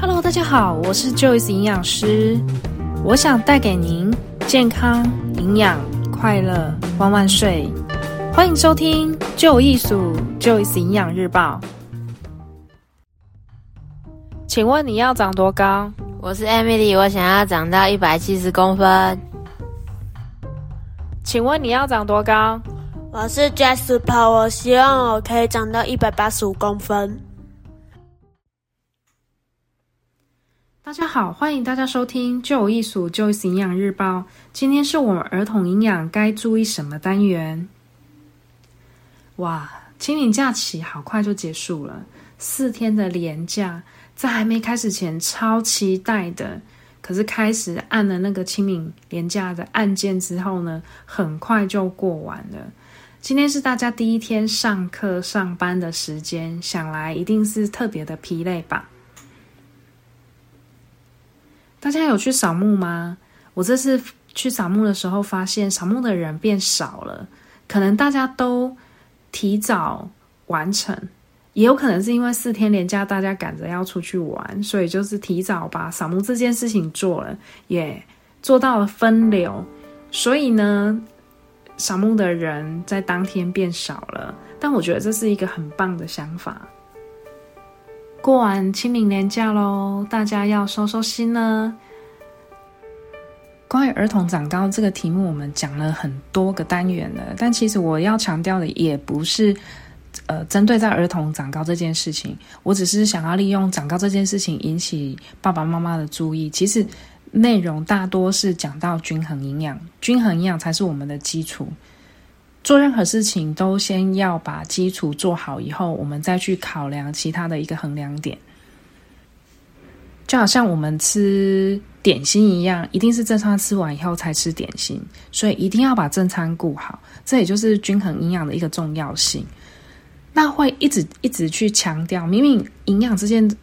Hello，大家好，我是 Joyce 營養師，我想帶給您健康、營養、快樂，萬萬歲！歡迎收聽《舊藝術 Joyce 營養日報》。請問你要長多高？我是 Emily，我想要長到一百七十公分。請問你要長多高？我是 Jasper，我希望我可以長到一百八十五公分。大家好，歡迎大家收聽《就有藝術就營養日報》。今天是我們兒童營養該注意什麼單元。哇，清明假期好快就結束了，四天的連假，在還沒開始前超期待的，可是開始按了那個清明連假的按鍵之後呢，很快就過完了。今天是大家第一天上課上班的時間，想來一定是特別的疲累吧。大家有去掃墓嗎？我這次去掃墓的時候，發現掃墓的人變少了，可能大家都提早完成，也有可能是因為四天連假，大家趕着要出去玩，所以就是提早把掃墓這件事情做了，也、yeah, 做到了分流，所以呢，掃墓的人在當天變少了，但我覺得這是一個很棒的想法。過完清明年假嘍，大家要收收心呢。關於兒童長高這個題目，我們講了很多個單元了。但其實我要強調的也不是，呃，針對在兒童長高這件事情，我只是想要利用長高這件事情引起爸爸媽媽的注意。其實內容大多是講到均衡營養，均衡營養才是我們的基礎。做任何事情都先要把基礎做好，以後我們再去考量其他的一個衡量點。就好像我們吃點心一樣，一定是正餐吃完以後才吃點心，所以一定要把正餐顧好。這也就是均衡營養的一個重要性。那會一直一直去強調，明明營養這件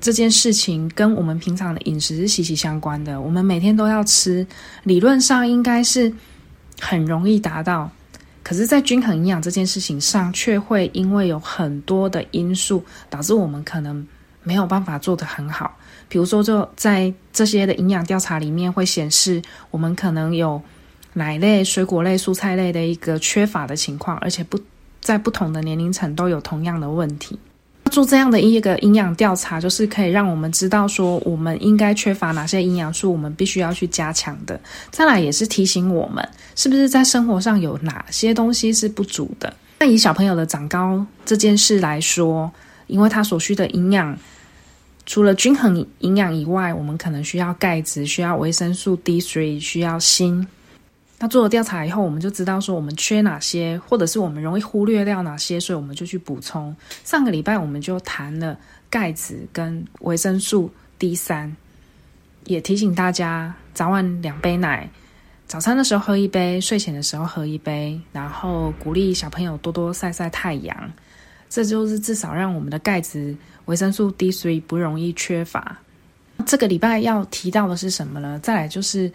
這件事情跟我們平常的飲食是息息相關的，我們每天都要吃，理論上應該是很容易達到。可是，在均衡營養這件事情上，卻會因為有很多的因素，導致我們可能沒有辦法做得很好。比如說，就在這些的營養調查裡面，會顯示我們可能有奶類、水果類、蔬菜類的一個缺乏的情況，而且不在不同的年齡層都有同樣的問題。做這樣的一個營養調查，就是可以讓我們知道說，我們應該缺乏哪些營養素，我們必須要去加強的。再來也是提醒我們，是不是在生活上有哪些東西是不足的。那以小朋友的長高這件事來說，因為他所需的營養，除了均衡營養以外，我們可能需要鈣質，需要維生素 D3，所以需要鋅。那做了調查以後，我們就知道說我們缺哪些，或者是我們容易忽略掉哪些，所以我們就去補充。上個禮拜我們就談了鈣質跟維生素 D3，也提醒大家早晚兩杯奶，早餐的時候喝一杯，睡前的時候喝一杯，然後鼓勵小朋友多多曬晒太陽，這就是至少讓我們的鈣質、維生素 D3 不容易缺乏。這個禮拜要提到的是什麼呢？再來就是。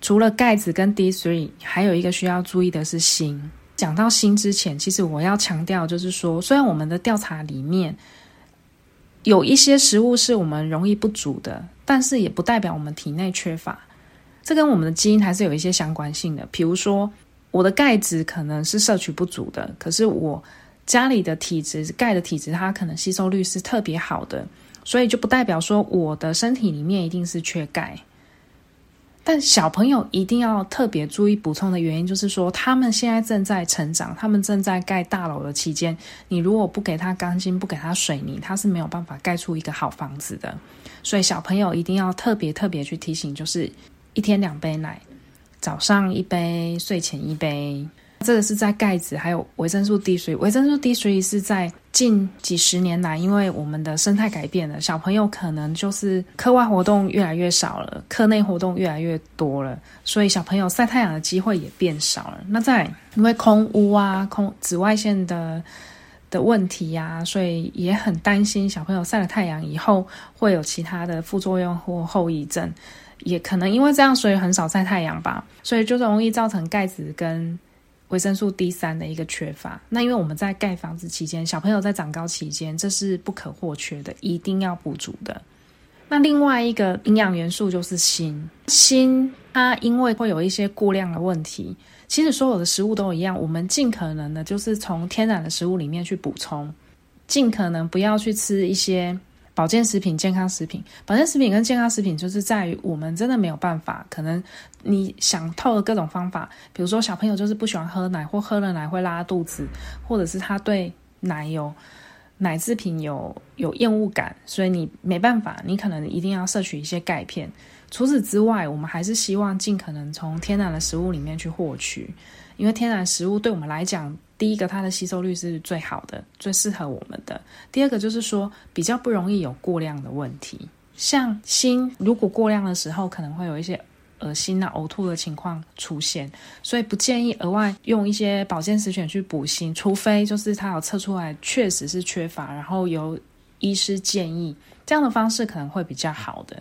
除了鈣質跟 D3，還有一個需要注意的是鋅。講到鋅之前，其實我要強調就是說，雖然我們的調查裡面有一些食物是我們容易不足的，但是也不代表我們體內缺乏。這跟我們的基因還是有一些相關性的。比如說，我的鈣質可能是攝取不足的，可是我家裡的體質，鈣的體質，它可能吸收率是特別好的，所以就不代表說我的身體裡面一定是缺鈣。但小朋友一定要特別注意補充的原因，就是說他們現在正在成長，他們正在蓋大樓的期間，你如果不給他鋼筋，不給他水泥，他是沒有辦法蓋出一個好房子的。所以小朋友一定要特別特別去提醒，就是一天兩杯奶，早上一杯，睡前一杯。這個是在鈣質，還有維生素 D3。維生素 D3 是在近幾十年來，因為我們的生態改變了，小朋友可能就是課外活動越來越少了，課內活動越來越多了，所以小朋友曬太陽的機會也變少了。那在因為空污、啊、空紫外線的的問題呀、啊，所以也很擔心小朋友曬了太陽以後會有其他的副作用或後遺症，也可能因為這樣，所以很少曬太陽吧，所以就容易造成鈣質跟。維生素 D 三的一個缺乏，那因為我們在蓋房子期間，小朋友在長高期間，這是不可或缺的，一定要補足的。那另外一個營養元素就是鋅，鋅它因為會有一些過量的問題，其實所有的食物都一樣，我們盡可能的就是從天然的食物裡面去補充，盡可能不要去吃一些。保健食品、健康食品，保健食品跟健康食品就是在於我們真的沒有辦法，可能你想透了各種方法，比如說小朋友就是不喜歡喝奶，或喝了奶會拉肚子，或者是他對奶有、奶制品有有厭惡感，所以你沒辦法，你可能一定要攝取一些鈣片。除此之外，我們還是希望盡可能從天然的食物裡面去獲取。因為天然食物對我們來講，第一個它的吸收率是最好的，最適合我們的；第二個就是說比較不容易有過量的問題。像鋅，如果過量的時候，可能會有一些惡心吶、啊、嘔吐的情況出現，所以不建議額外用一些保健食品去補鋅，除非就是它有測出來確實是缺乏，然後由醫師建議這樣的方式可能會比較好的。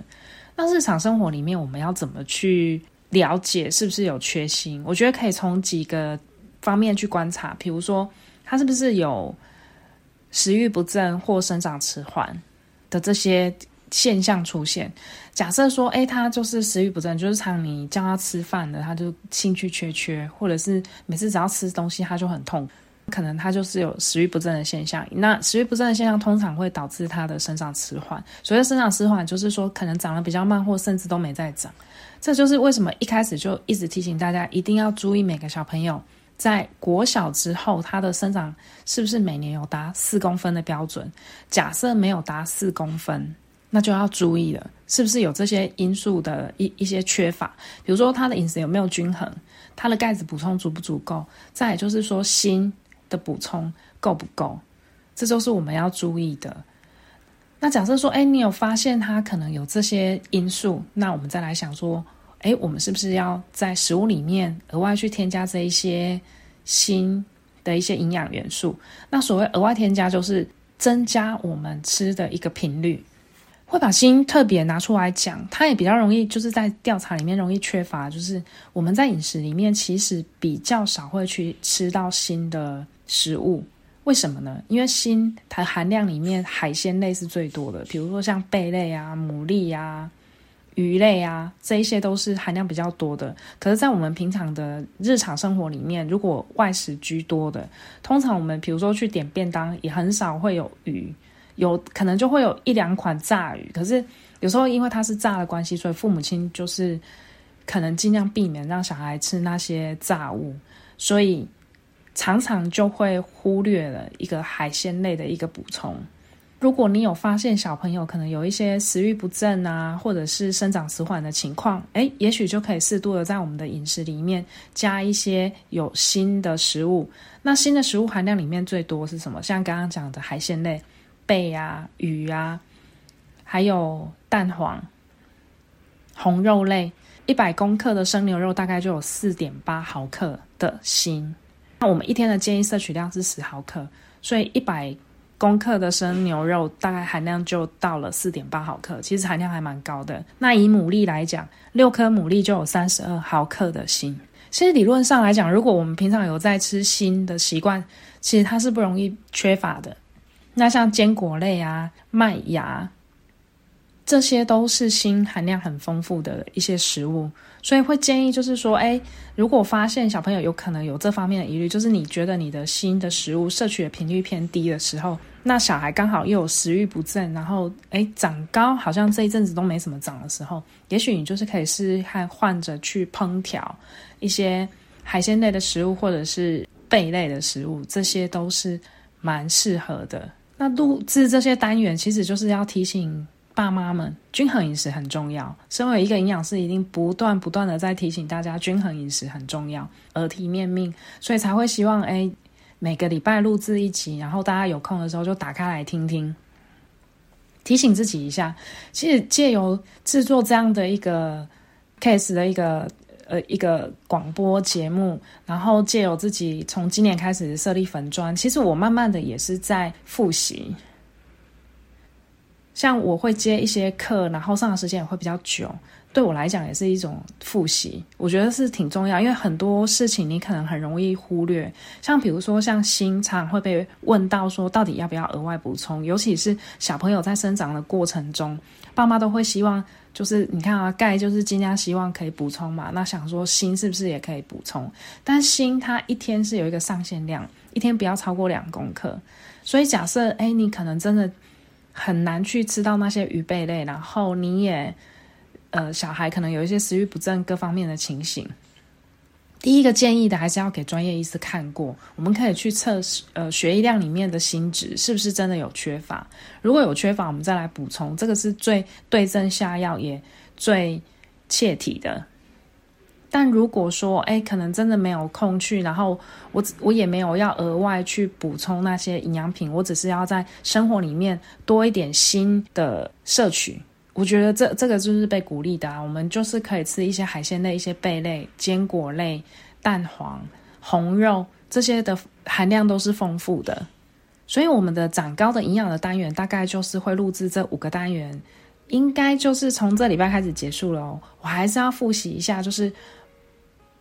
那日常生活裡面我們要怎麼去？了解是不是有缺鋅？我覺得可以從幾個方面去觀察，比如說他是不是有食欲不振或生長遲緩的這些現象出現。假設說，誒、欸、他就是食欲不振，就是常你叫他吃飯的，他就興趣缺缺，或者是每次只要吃東西他就很痛。可能他就是有食慾不振的現象，那食慾不振的現象通常會導致他的生長遲緩。所謂生長遲緩，就是說可能長得比較慢，或甚至都沒在長。這就是為什麼一開始就一直提醒大家，一定要注意每個小朋友在國小之後他的生長是不是每年有達四公分的標準。假設沒有達四公分，那就要注意了，是不是有這些因素的一一些缺乏，比如說他的飲食有沒有均衡，他的鈣質補充足不足夠，再也就是說鋅的補充夠不夠，這就是我們要注意的。那假設說，哎、欸，你有發現它可能有這些因素，那我們再來想說，哎、欸，我們是不是要在食物裡面額外去添加這一些鋅的一些營養元素？那所謂額外添加，就是增加我們吃的一個頻率。會把鋅特別拿出來講，它也比較容易，就是在調查裡面容易缺乏，就是我們在飲食裡面其實比較少會去吃到鋅的。食物為什麼呢？因為鋅它含量裡面海鮮類是最多的，比如說像貝類啊、牡蠣啊、魚類啊，這一些都是含量比較多的。可是，在我們平常的日常生活裡面，如果外食居多的，通常我們比如說去點便當，也很少會有魚，有可能就會有一兩款炸魚。可是有時候因為它是炸的關係，所以父母親就是可能儘量避免讓小孩吃那些炸物，所以。常常就會忽略了一個海鮮類的一個補充。如果你有發現小朋友可能有一些食欲不振啊，或者是生長遲緩的情況，誒，也許就可以適度的在我們的飲食裡面加一些有鋅的食物。那鋅的食物含量裡面最多是什麼？像剛剛講的海鮮類，貝啊、魚啊，還有蛋黃、紅肉類。一百公克的生牛肉大概就有四點八毫克的鋅。那我們一天的建議攝取量是十毫克，所以一百公克的生牛肉大概含量就到了四點八毫克，其實含量還蠻高的。那以牡蠣來講，六顆牡蠣就有三十二毫克的鋅。其實理論上來講，如果我們平常有在吃鋅的習慣，其實它是不容易缺乏的。那像堅果類啊，麥芽。這些都是鋅含量很豐富的一些食物，所以會建議，就是說，誒、欸，如果發現小朋友有可能有這方面的疑慮，就是你覺得你的鋅的食物攝取的頻率偏低的時候，那小孩剛好又有食慾不振，然後誒、欸、長高好像這一陣子都沒怎麼長的時候，也許你就是可以試試看換着去烹調一些海鮮類的食物，或者是貝類的食物，這些都是蠻適合的。那錄制這些單元其實就是要提醒。爸媽們，均衡飲食很重要。身為一個營養師，一定不斷不斷的在提醒大家，均衡飲食很重要，耳提面命，所以才會希望誒每個禮拜錄製一集，然後大家有空的時候就打開來聽聽，提醒自己一下。其實借由制作這樣的一個 case 的一個呃一個廣播節目，然後借由自己從今年開始設立粉專，其實我慢慢的也是在複習。像我會接一些課，然後上的時間也會比較久，對我來講也是一種複習，我覺得是挺重要，因為很多事情，你可能很容易忽略。像比如說，像鋅常常會被問到說，到底要不要額外補充？尤其是小朋友在生長的過程中，爸媽都會希望，就是你看啊，鈣就是盡量希望可以補充嘛，那想說鋅是不是也可以補充？但鋅它一天是有一個上限量，一天不要超過兩公克。所以假設，誒，你可能真的。很難去吃到那些魚貝類，然後你也呃，小孩可能有一些食慾不振各方面的情形。第一個建議的還是要給專業醫師看過，我們可以去測試呃血液量裡面的鋅值是不是真的有缺乏，如果有缺乏，我們再來補充，這個是最對症下藥也最切題的。但如果說，哎、欸，可能真的沒有空去，然後我我也沒有要額外去補充那些營養品，我只是要在生活裡面多一點鋅的攝取。我覺得這這個就是被鼓勵的啊，我們就是可以吃一些海鮮類、一些貝類、堅果類、蛋黃、紅肉這些的含量都是豐富的。所以我們的長高的營養的單元大概就是會錄制這五個單元，應該就是從這禮拜開始結束了，哦。我還是要複習一下，就是。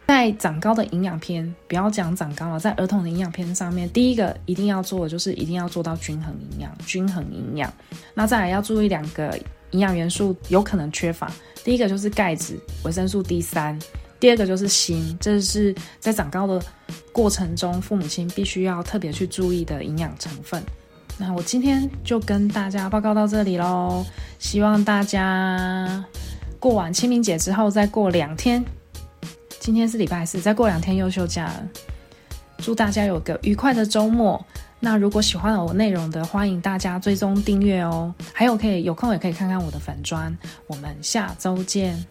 在長高的營養篇，不要講長高了，在兒童的營養篇上面，第一個一定要做的就是一定要做到均衡營養。均衡營養，那再來要注意兩個營養元素有可能缺乏，第一個就是鈣質、維生素 D3，第二個就是鋅，這是在長高的過程中父母親必須要特別去注意的營養成分。那我今天就跟大家報告到這裡嘍，希望大家過完清明節之後再過兩天。今天是禮拜四，再過兩天又休假了。祝大家有個愉快的周末。那如果喜歡我內容的，歡迎大家追蹤訂閱哦。還有可以有空也可以看看我的粉專，我們下周見。